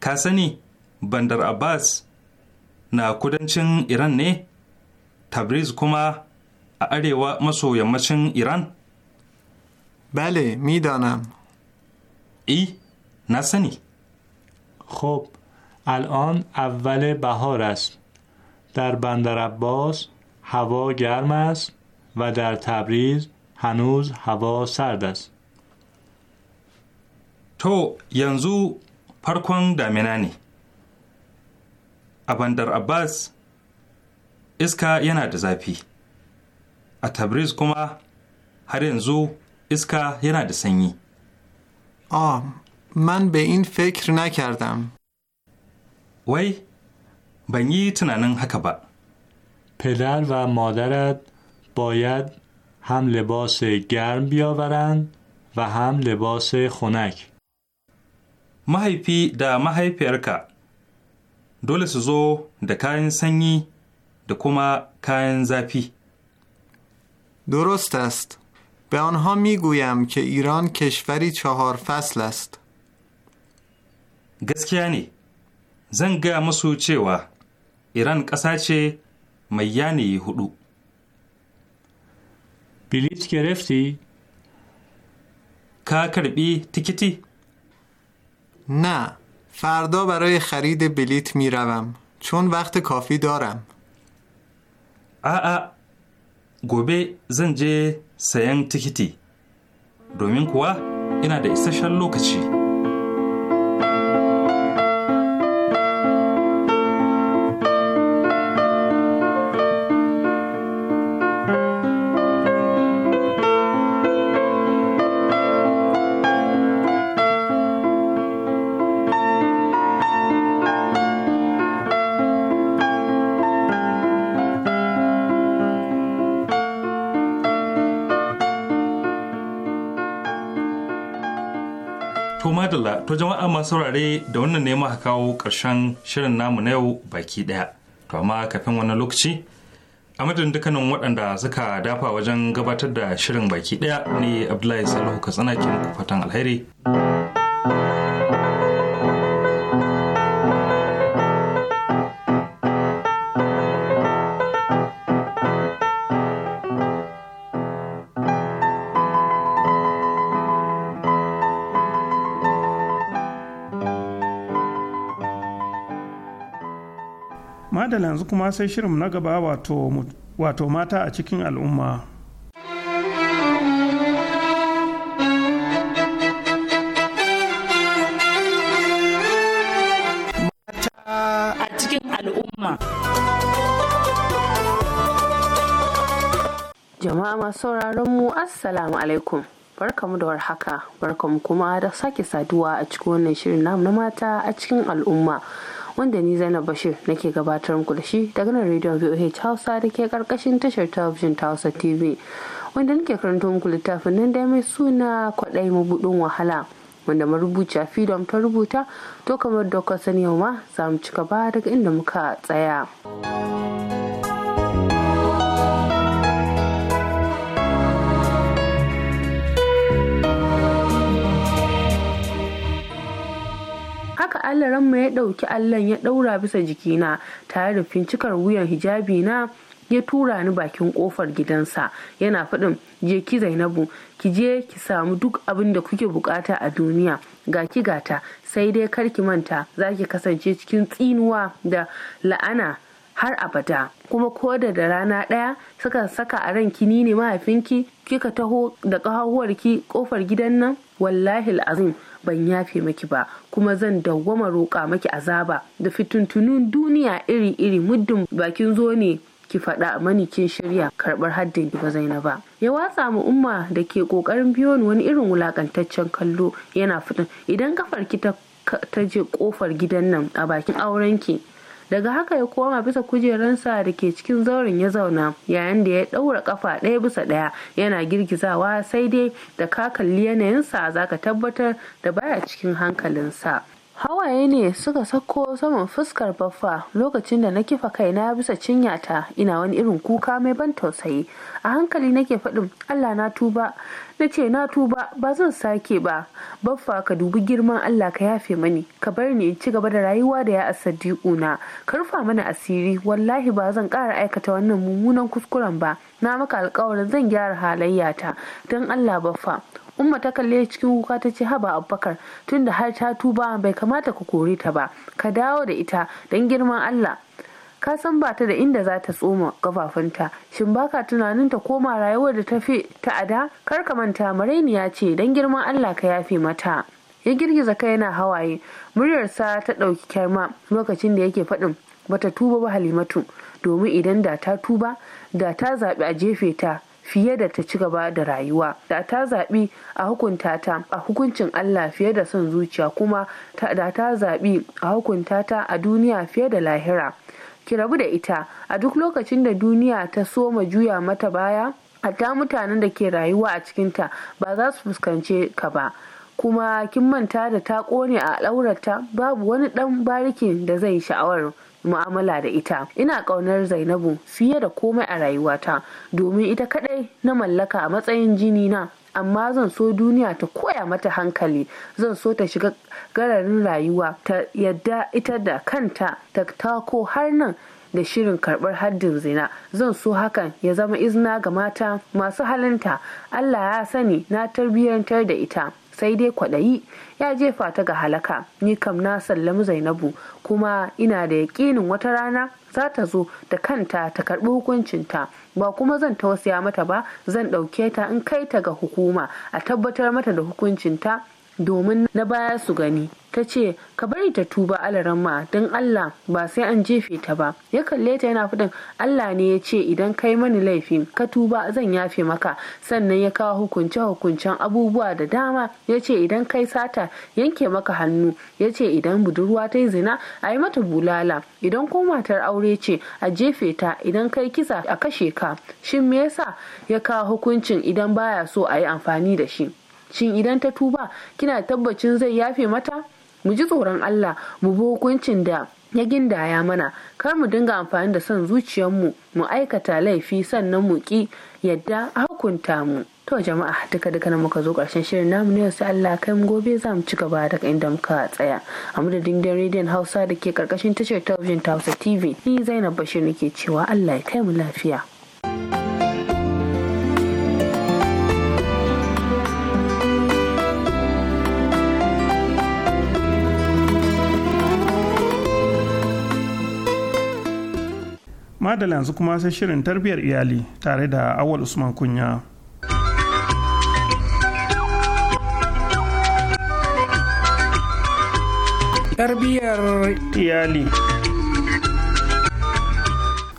کاسنی بندر عباس نا کودنچن ایران نه؟ تبریز کما و a arewa ایران؟ بله میدانم ای نسنی خب الان اول بهار است در بندر عباس هوا گرم است و در تبریز هنوز هوا سرد است to yanzu farkon damina ne, a bandar Abbas iska yana da zafi, a Tabriz kuma har yanzu iska yana da sanyi. Ah, man be in fikir na kyardam. Wai, ban yi tunanin haka ba. Pedar va madarat bayad ham libas garm biyavaran va ham libas khunak. mahaifi da mahaifiyarka dole su zo da kayan sanyi da kuma kayan zafi. درست است. به آنها میگویم که ke کشوری چهار فصل است. gaskiya ne zan gaya musu cewa iran ƙasa ce mai yanayi hudu ke gerefti ka karbi tikiti نه فردا برای خرید بلیت می روم چون وقت کافی دارم آ گوبه زنجه سیانگ تکیتی دومین کوا اینا ده استشان لوکچی To jama'a masu saurare da wannan ne muka kawo ƙarshen shirin namu na yau baki ɗaya. To amma kafin wannan lokaci a madadin dukkanin waɗanda suka dafa wajen gabatar da shirin baki ɗaya ne Abdullahi Salihu Katsina ke muku fatan alheri. kuma sai shirin na gaba wato mata a cikin al'umma. Jama'a masu sauraron mu Assalamu alaikum. Barkamu da warhaka, barkamu kuma da sake saduwa a cikin wannan shirin namu na mata a cikin al'umma. wanda ni Zainab Bashir nake gabatar muku da shi daga nan rediyon VOH Hausa da ke karkashin tashar talabijin ta Hausa TV. Wanda nake karanta muku littafin nan da mai suna kwadai mabuɗin wahala. wanda marubuciya freedom ta rubuta to kamar dokar sani yau ma za mu ci gaba daga inda muka tsaya. haka ranmu ya ɗauki allon ya ɗaura bisa jikina tare da fincikar wuyan hijabi na ya tura ni bakin kofar gidansa yana faɗin je ki zainabu ki je ki samu duk abin da kuke bukata a duniya ga ki gata sai dai kar ki manta za ki kasance cikin tsinuwa da la'ana har abada kuma ko da da rana ɗaya suka saka a ranki ni ne mahaifinki kika taho da ki kofar gidan nan wallahi azim ban yafe maki ba kuma zan dawwama roƙa maki azaba da fitintunun duniya iri-iri muddin bakin zo ne ki faɗa mani kin shirya karɓar haddin ki ba zainaba ya watsa mu umma da ke ƙoƙarin biyo ni wani irin wulaƙantaccen kallo yana fitin idan kafar ki ta je kofar gidan nan a bakin auren ki. daga haka ya koma bisa kujeransa da ke cikin zauren ya zauna yayin da ya ɗaura kafa ɗaya bisa ɗaya yana girgizawa sai dai da ka kalli yanayinsa ka tabbatar da baya cikin hankalinsa. hawaye ne suka sako saman fuskar baffa lokacin da na kifa kai kaina bisa cinyata ina wani irin kuka mai ban tausayi a hankali nake faɗin allah na tuba na ce na tuba ba zan sake ba baffa ka dubi girman allah ka yafe mani ka bar ni in ci gaba da rayuwa da ya asadiku na ka rufa mana asiri wallahi ba zan ƙara aikata wannan mummunan kuskuren ba na maka alkawarin zan gyara halayyata don allah baffa umma ta kalle cikin kuka ta ce haba abubakar tunda har ta tuba bai kamata ka kore ta ba ka dawo da ita don girman allah ka san ba ta da inda za ta tsoma kafafunta shin baka tunanin ta koma rayuwar da ta fi ta ada kar ka manta ya ce don girman Allah ka yafe mata ya girgiza kai yana hawaye muryarsa ta ɗauki kyarma lokacin da yake faɗin bata tuba ba halimatu domin idan da ta tuba da ta zaɓi a jefe ta fiye da ta ci gaba da rayuwa da ta zaɓi a hukunta ta a hukuncin Allah fiye da son zuciya kuma da ta zaɓi a hukunta ta a duniya fiye da lahira ki rabu da ita a duk lokacin da duniya ta soma juya mata baya hatta mutanen da ke rayuwa a cikinta ba za su fuskance ka ba kuma kin manta da ta kone a al'aurarta babu wani dan barikin da zai sha'awar mu'amala da ita ina ƙaunar zainabu fiye da komai a rayuwata domin ita kadai na mallaka a matsayin jini na amma zan so duniya ta koya mata hankali zan so ta shiga gararin rayuwa ta yadda ita da kanta ta tako har nan da shirin karbar haddin zina zan so hakan ya zama izina ga mata masu halinta allah ya sani na tarbiyyantar da ita sai dai kwaɗayi ya jefa ta ga halaka ni kam na sallami zainabu kuma ina da yaƙinin wata rana za ta zo da kanta ta karɓi hukuncinta ba kuma zan tausaya mata ba zan ɗauke ta in kai ta ga hukuma a tabbatar mata da hukuncinta domin na baya su gani ta ce ka bari ta tuba ma don Allah ba sai an jefe ta ba ya kalle ta yana fudin Allah ne ya ce idan kai mani laifi ka tuba zan yafe maka sannan ya kawo hukunce hukuncen abubuwa da dama ya ce idan kai sata yanke maka hannu ya ce idan budurwa ta yi zina a yi mata bulala idan ko matar aure ce a jefe ta idan kai kisa a kashe ka shin me yasa ya kawo hukuncin idan baya so a yi amfani da shi shin idan ta tuba kina tabbacin zai yafe mata mu ji tsoron Allah mu bi hukuncin da ya gindaya mana kar mu dinga amfani da son zuciyarmu mu aikata laifi sannan mu ki yadda a hukunta mu to jama'a duka duka na muka zo karshen shirin namu ne sai Allah kai mu gobe za mu ci gaba daga inda muka tsaya a madadin da rediyon Hausa da ke karkashin tashar talabijin ta Hausa TV ni Zainab Bashir nake cewa Allah ya kai mu lafiya madala yanzu kuma sai shirin tarbiyyar iyali tare da awal usman kunya tarbiyyar iyali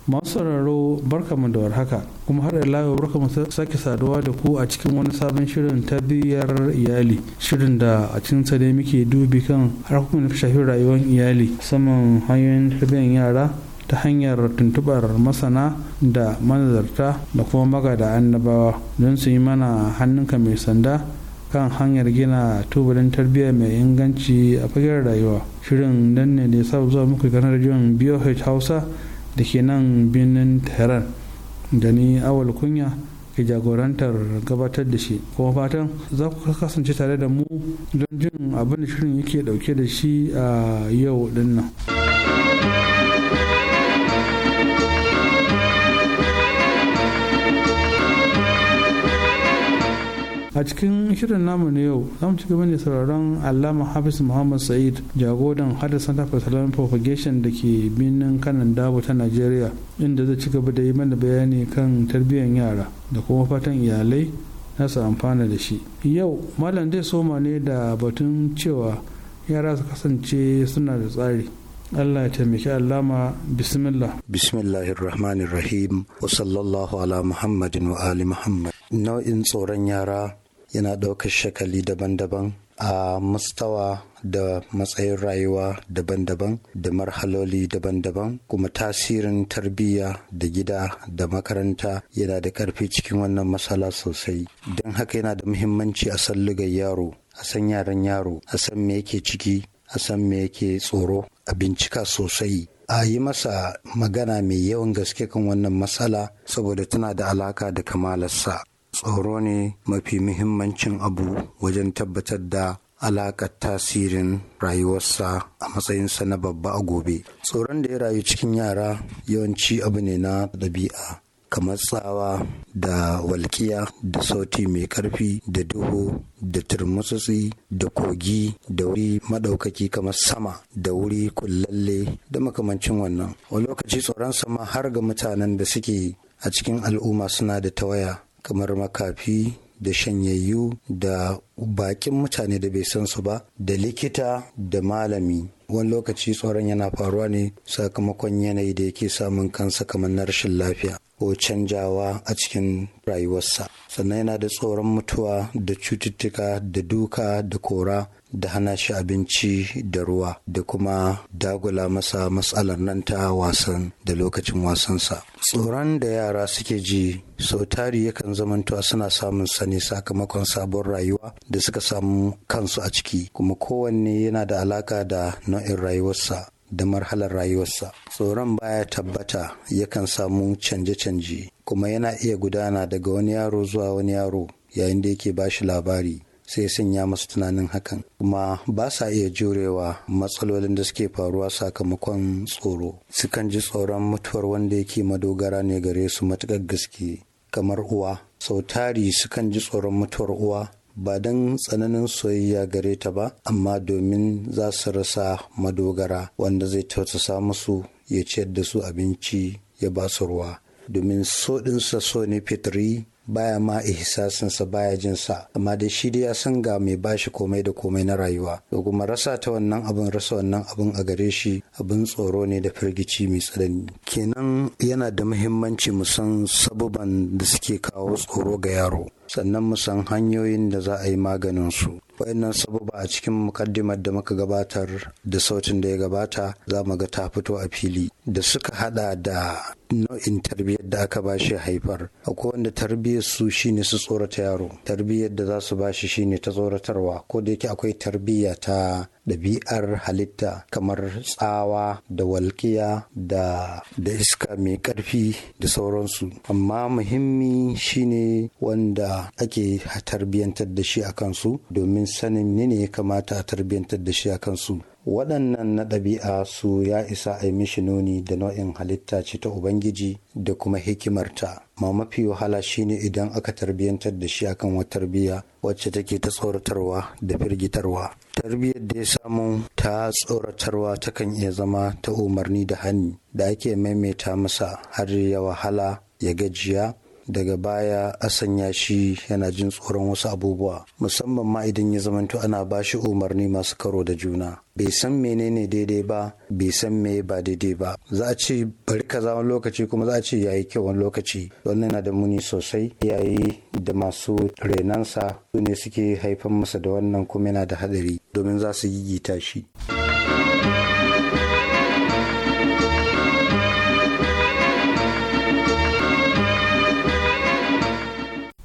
masu sauraro barkamu da warhaka kuma har da barka barkamu sake saduwa da ku a cikin wani sabon shirin tarbiyyar iyali shirin da a cikin sa dai muke dubi kan harkokin da shafi rayuwar iyali saman hanyoyin tarbiyyar yara ta hanyar tuntubar masana da manazarta da kuma magada annabawa don su yi mana hannunka mai sanda kan hanyar gina tubalin tarbiyya mai inganci a fagen rayuwa shirin nan ne da ya zuwa muku ganar rajiyon boh hausa da ke nan birnin tehran da ni awal kunya ke jagorantar gabatar da shi kuma fatan za ku kasance tare da mu don jin abin da shirin yake dauke da shi a yau dinnan. a cikin shirin namu na yau za mu ci gaba ne sauraron allama hafiz muhammad sa'id jagodan hada santa fasalan propagation da ke birnin kanan dabo ta nigeria inda zai ci gaba da yi mana bayani kan tarbiyyar yara da kuma fatan iyalai na nasu amfana da shi yau malam zai soma ne da batun cewa yara su kasance suna da tsari Allah ya taimaki allama bismillah. Bismillahirrahmanirrahim wa sallallahu ala Muhammadin wa ali Muhammad. Nau'in tsoron yara yana ɗaukar shakali daban-daban a mustawa da matsayin rayuwa daban-daban da marhaloli daban-daban kuma tasirin tarbiyya da gida da makaranta yana da ƙarfi cikin wannan matsala sosai don haka yana da muhimmanci a san lugar yaro a san yaran yaro a san me yake ciki a san me yake tsoro a bincika sosai a yi masa magana mai yawan gaske kan wannan matsala saboda tana da alaka da kamalarsa tsoro ne mafi muhimmancin abu wajen tabbatar da alaƙar tasirin rayuwarsa a matsayinsa na babba a gobe. Tsoron da ya rayu cikin yara yawanci abu ne na ɗabi'a. kamar tsawa da walƙiya da sauti mai ƙarfi da duhu da turmutsutsi da kogi da wuri maɗaukaki kamar sama da wuri kullalle da makamancin wannan A lokaci tsoron sama har ga mutanen da suke a cikin al'umma suna da tawaya kamar makafi da shanyayyu da bakin mutane da bai san su ba da likita da malami wani lokaci tsoron yana faruwa ne sakamakon yanayi da yake samun kansa kamar na rashin lafiya ko canjawa a cikin rayuwarsa sannan yana da tsoron mutuwa da cututtuka da duka da kora da hana shi abinci da ruwa da kuma dagula masa matsalar nan ta wasan da lokacin wasansa tsoron da yara suke ji sau tari yakan zamantowa suna samun sani sakamakon sabon rayuwa da suka samu kansu a ciki kuma kowanne yana da alaka da nau'in rayuwarsa da marhalar rayuwarsa tsoron baya tabbata yakan samu canje-canje kuma yana iya gudana daga wani yaro zuwa wani yaro yayin da yake bashi labari sai sanya masu tunanin hakan kuma ba sa iya jurewa matsalolin da suke faruwa sakamakon tsoro sukan ji tsoron mutuwar wanda yake madogara ne gare su matuƙar gaske kamar uwa sau tari sukan ji tsoron mutuwar uwa ba don tsananin soyayya gare ta ba amma domin za su rasa madogara wanda zai tausasa musu ya ciyar da su abinci ya ba su ruwa domin so ɗinsa so ne fitri baya ma ihsasinsa baya jin sa amma dai shi dai ya san ga mai bashi komai da komai na rayuwa to kuma rasa ta wannan abin rasa wannan abin a gare shi abin tsoro ne da firgici mai tsanani kenan yana da muhimmanci mu san sababan da suke kawo tsoro ga yaro sannan mu san hanyoyin da za a yi maganin su wayannan sababa a cikin mukaddimar da muka gabatar da sautin da ya gabata za mu ga ta fito a fili da suka hada da nau'in tarbiyyar da aka bashi haifar akwai wanda tarbiyyar su shine su tsorata yaro tarbiyyar da za su bashi shine ta tsoratarwa ko da yake akwai tarbiyya ta ɗabi'ar halitta kamar tsawa da walƙiya da da iska mai ƙarfi da sauransu amma muhimmi shine wanda ake tarbiyyantar da shi a kansu domin sanin ne ya kamata a tarbiyyantar da shi a kansu waɗannan na ɗabi'a su ya isa a yi mishi da nau'in halitta ce ta ubangiji da kuma hikimarta ma mafi wahala shine idan aka tarbiyyantar da shi akan wata tarbiyya wacce take ta tsoratarwa da firgitarwa tarbiyyar da ya samu ta tsoratarwa takan iya zama ta umarni da hannu da ake maimaita masa har ya wahala ya gajiya daga baya a sanya shi yana jin tsoron wasu abubuwa musamman ma idan ya zamanto ana ba shi umarni masu karo da juna bai san menene daidai ba bai san me ba daidai ba za a ce bari kaza wani lokaci kuma za a ce yayi kyau wani lokaci wannan na da muni sosai yayi da masu renansa su ne suke haifan masa da wannan kuma yana da hadari domin za su yi shi.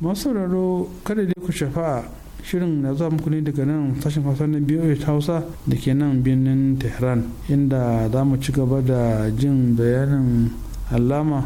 masauraro kada dai ku shafa shirin na zuwa muku ne daga nan sashen hausa na biyu ta hausa da ke nan birnin tehran inda za mu ci gaba da jin bayanin alama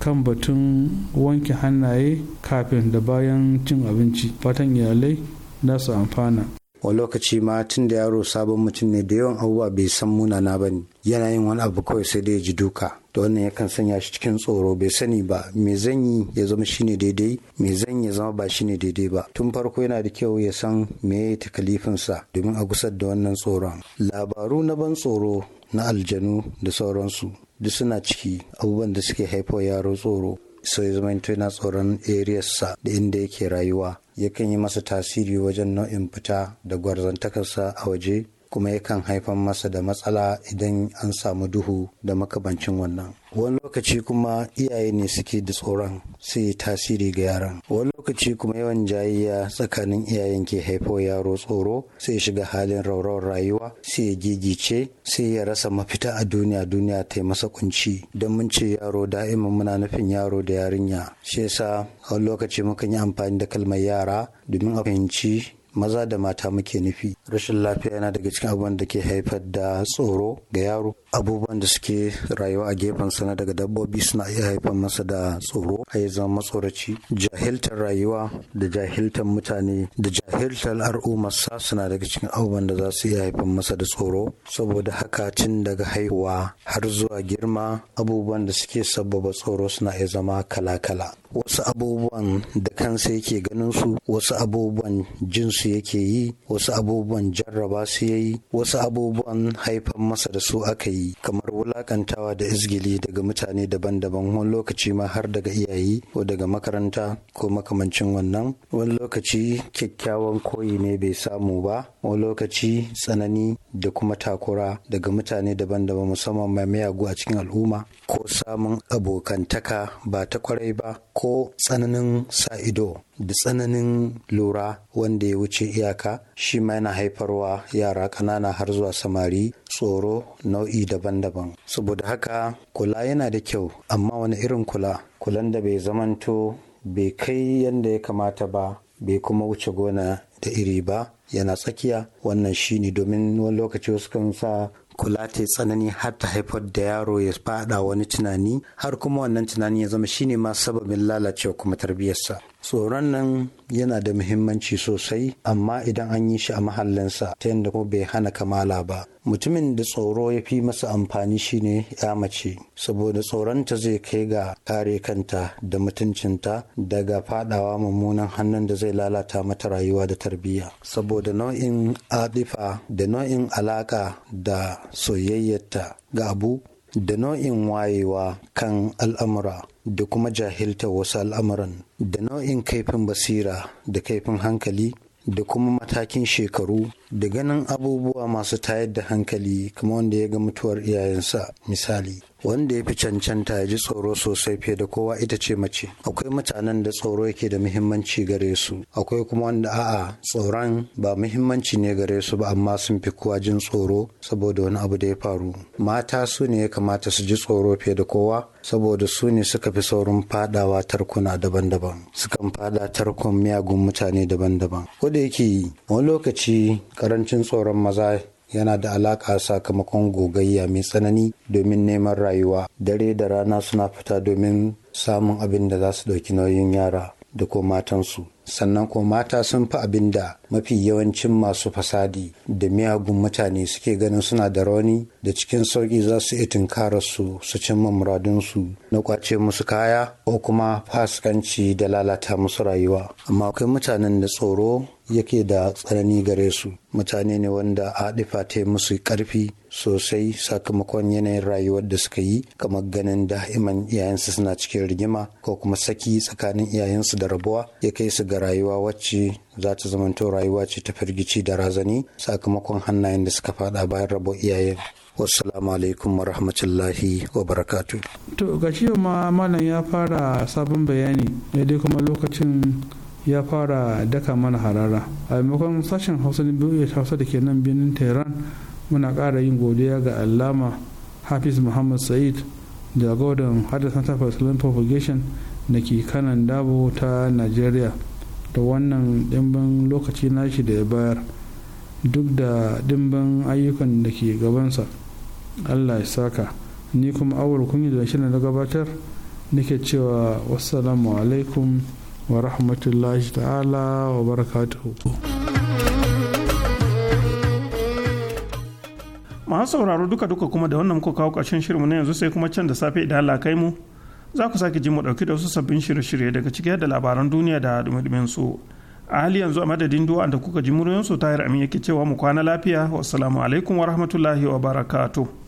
kan batun wanke hannaye kafin da bayan cin abinci fatan iyalai na su amfana wa lokaci ma tun da yaro sabon mutum ne da yawan abubuwa bai san munana ba ne yana yin wani abu kawai sai dai ya ji duka da wannan yakan sanya shi cikin tsoro bai sani ba me zan yi ya zama shine daidai me zan ya zama ba shine daidai ba tun farko yana da kyau ya san me ya takalifinsa domin a gusar da wannan tsoron labaru na ban tsoro na aljanu da sauransu duk suna ciki abubuwan da suke haifar yaro tsoro sai zamanto yana tsoron ariyarsa da inda yake rayuwa yakan yi masa tasiri wajen nau'in fita da gwarzantakarsa a waje kuma yakan haifar masa da matsala idan an samu duhu da makabancin wannan wani lokaci kuma iyaye ne suke da tsoron su yi tasiri ga yaran wani lokaci kuma yawan jayayya tsakanin iyayen ke haifo yaro tsoro sai shiga halin raurawar rayuwa sai ya gigice sai ya rasa mafita a duniya duniya ta masa kunci don mun ce yaro da'iman muna nufin yaro da yarinya shi yasa wani lokaci mukan yi amfani da kalmar yara domin a fahimci maza da mata muke nufi rashin lafiya yana daga cikin abubuwan da ke haifar da tsoro ga yaro abubuwan da suke rayuwa a gefen sana daga dabbobi suna iya haifar masa da tsoro a yi zama matsoraci jahiltar rayuwa da jahiltar mutane da jahiltar al'ummarsa suna daga cikin abubuwan da za su iya haifar masa da tsoro saboda haka tun daga haihuwa har zuwa girma abubuwan da suke sabbaba tsoro suna iya zama kala-kala wasu abubuwan da kansa yake ganin su wasu abubuwan jinsu su yake yi wasu abubuwan jarraba su ya yi wasu abubuwan haifan masa da su aka yi kamar wulakantawa da izgili daga mutane daban-daban wani lokaci ma har daga iyaye ko daga makaranta ko makamancin wannan wani lokaci kyakkyawan koyi ne bai samu ba wani lokaci tsanani da kuma takura daga mutane daban-daban musamman mai miyagu a cikin al'umma ko samun abokantaka ba ta kwarai ba ko tsananin sa da tsananin lura wanda ya wuce iyaka shi ma yana haifarwa yara ƙanana har zuwa samari tsoro nau'i daban-daban saboda haka kula yana da kyau amma wani irin kula kulan da bai zamanto bai kai yadda ya kamata ba bai kuma wuce gona da iri ba yana tsakiya wannan shi ne domin wani lokaci wasu kan sa kula ta tsanani har ta haifar da yaro ya fada wani tunani har kuma wannan tunani ya zama shi ne ma sababin lalacewa kuma tarbiyyarsa tsoron nan yana da muhimmanci sosai amma idan an yi shi a mahallinsa ta yadda kuma bai hana kamala ba mutumin da tsoro ya fi masa amfani shine ya mace saboda tsoronta zai kai ga kare kanta da mutuncinta daga fadawa mummunan hannun da zai lalata mata rayuwa da tarbiyya saboda nau'in adifa da nau'in alaka da soyayyarta ga abu da nau'in wayewa kan al'amura da kuma jahilta wasu al'amuran da nau'in kaifin basira da kaifin hankali da kuma matakin shekaru da ganin abubuwa masu tayar da hankali kuma wanda ya ga mutuwar iyayensa misali wanda ya fi cancanta ya ji tsoro sosai fiye da kowa ita ce mace akwai mutanen da tsoro yake da muhimmanci gare su akwai kuma wanda a'a tsoron ba muhimmanci ne gare su ba amma sun fi kowa jin tsoro saboda wani abu da ya faru mata su ne ya kamata su ji tsoro fiye da kowa saboda su ne suka fi saurin fadawa tarkuna daban-daban sukan fada tarkon miyagun mutane daban-daban ko da yake wani lokaci karancin tsoron maza yana da alaƙa sakamakon gogayya mai tsanani domin neman rayuwa dare da rana suna fita domin samun abin da za su ɗauki nauyin yara da ko matansu sannan ko mata sun fi abin da mafi yawancin masu fasadi da miyagun mutane suke ganin suna da rauni da cikin sauƙi za su itin su su cimma muradunsu na kwace musu kaya ko kuma fasikanci da lalata musu rayuwa amma akwai mutanen da tsoro yake da tsanani gare su mutane ne wanda haɗifa ta musu ƙarfi sosai sakamakon yanayin rayuwar da suka yi kamar ganin da iman iyayensu suna cikin rigima ko kuma saki tsakanin iyayensu da rabuwa ya kai su ga rayuwa wacce za ta zamanto rayuwa ce ta firgici da razani sakamakon hannayen da suka faɗa bayan rabo iyayen wasu. alaikum wa rahmatullahi wa barakatu to ga ma malam ya fara sabon bayani daidai kuma lokacin ya fara daka mana harara a maimakon sashen hausa na biyu hausa da ke nan birnin tehran muna ƙara yin godiya ga allama hafiz muhammad sa'id da gordon hada santa for islamic propagation da ke kanan dabo ta nigeria da wannan dimbin lokaci nashi da ya bayar duk da dimbin ayyukan da ke gabansa allah ya saka ni kuma awar yi da shi na gabatar nake cewa wassalamu alaikum wa rahmatullahi ta'ala wa barakatuhu masu sauraro duka-duka kuma da wannan muka kawo ƙarshen shirinmu na yanzu sai kuma can da safe idan Allah kai mu za ku sake ji mu ɗauki da wasu sabbin shirye-shirye daga ciki da labaran duniya da dumi su a hali yanzu a madadin duwa da kuka ji muryoyin su tahir amin yake cewa mu kwana lafiya wassalamu alaikum wa rahmatullahi wa barakatuh